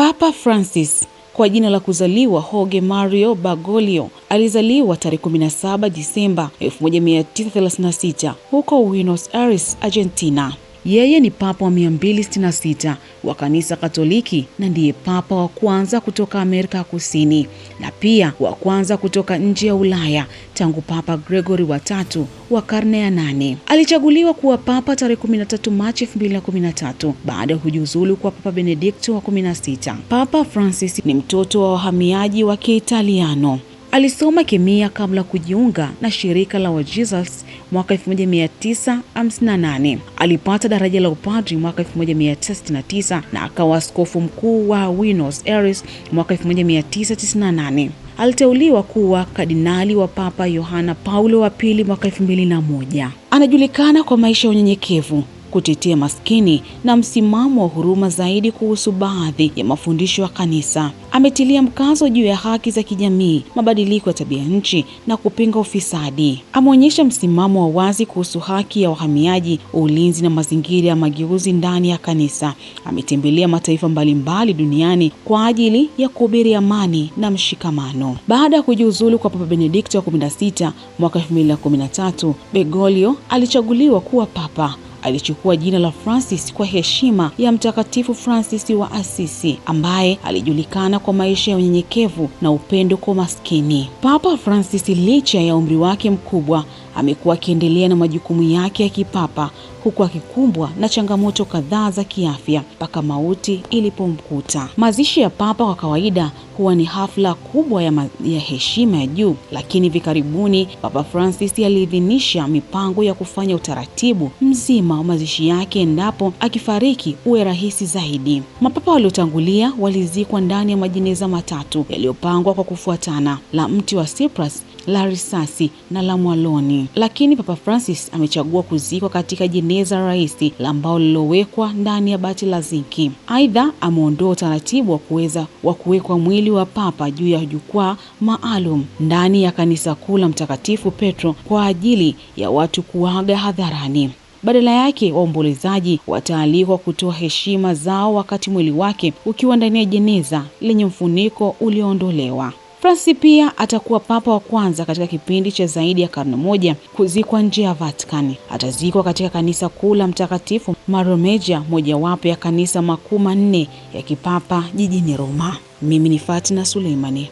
Papa Francis kwa jina la kuzaliwa hoge Mario bagolio alizaliwa tarehe 17 Disemba 1936 huko winos aris Argentina. Yeye ni papa wa 266 wa kanisa Katoliki na ndiye papa wa kwanza kutoka Amerika ya Kusini na pia wa kwanza kutoka nje ya Ulaya tangu Papa Gregory wa tatu wa karne ya nane. Alichaguliwa kuwa papa tarehe 13 Machi 2013 baada ya kujiuzulu kwa Papa Benedikto wa 16. Papa Francis ni mtoto wa wahamiaji wa Kiitaliano. Alisoma kemia kabla kujiunga na shirika la wa Jesus mwaka 1958. Alipata daraja la upadri mwaka 1969 na akawa askofu mkuu wa Buenos Aires mwaka 1998. Aliteuliwa kuwa kardinali wa Papa Yohana Paulo wa pili mwaka 2001. Anajulikana kwa maisha ya unyenyekevu kutetea maskini na msimamo wa huruma zaidi kuhusu baadhi ya mafundisho ya kanisa. Ametilia mkazo juu ya haki za kijamii, mabadiliko ya tabia nchi na kupinga ufisadi. Ameonyesha msimamo wa wazi kuhusu haki ya wahamiaji, ulinzi na mazingira ya mageuzi ndani ya kanisa. Ametembelea mataifa mbalimbali duniani kwa ajili ya kuhubiri amani na mshikamano. Baada ya kujiuzulu kwa Papa Benedikto wa 16 mwaka 2013, Bergoglio alichaguliwa kuwa papa alichukua jina la Francis kwa heshima ya Mtakatifu Francis wa Asisi ambaye alijulikana kwa maisha ya unyenyekevu na upendo kwa maskini. Papa Francis licha ya umri wake mkubwa amekuwa akiendelea na majukumu yake ya kipapa huku akikumbwa na changamoto kadhaa za kiafya mpaka mauti ilipomkuta. Mazishi ya papa kwa kawaida huwa ni hafla kubwa ya, ya heshima ya juu, lakini hivi karibuni Papa Francis aliidhinisha mipango ya kufanya utaratibu mzima wa mazishi yake endapo akifariki uwe rahisi zaidi. Mapapa waliotangulia walizikwa ndani ya majineza matatu yaliyopangwa kwa kufuatana, la mti wa Cyprus la risasi na la mwaloni, lakini Papa Francis amechagua kuzikwa katika jeneza la mbao ambao lilowekwa ndani ya bati la zinki. Aidha, ameondoa utaratibu wa kuweza wa kuwekwa mwili wa papa juu ya jukwaa maalum ndani ya kanisa kuu la Mtakatifu Petro kwa ajili ya watu kuaga hadharani. Badala yake waombolezaji wataalikwa kutoa heshima zao wakati mwili wake ukiwa ndani ya jeneza lenye mfuniko ulioondolewa. Francis pia atakuwa papa wa kwanza katika kipindi cha zaidi ya karne moja kuzikwa nje ya Vatican. Atazikwa katika kanisa kuu la Mtakatifu Maromeja, mojawapo ya kanisa makuu manne ya kipapa jijini Roma. Mimi ni Fatina Suleimani.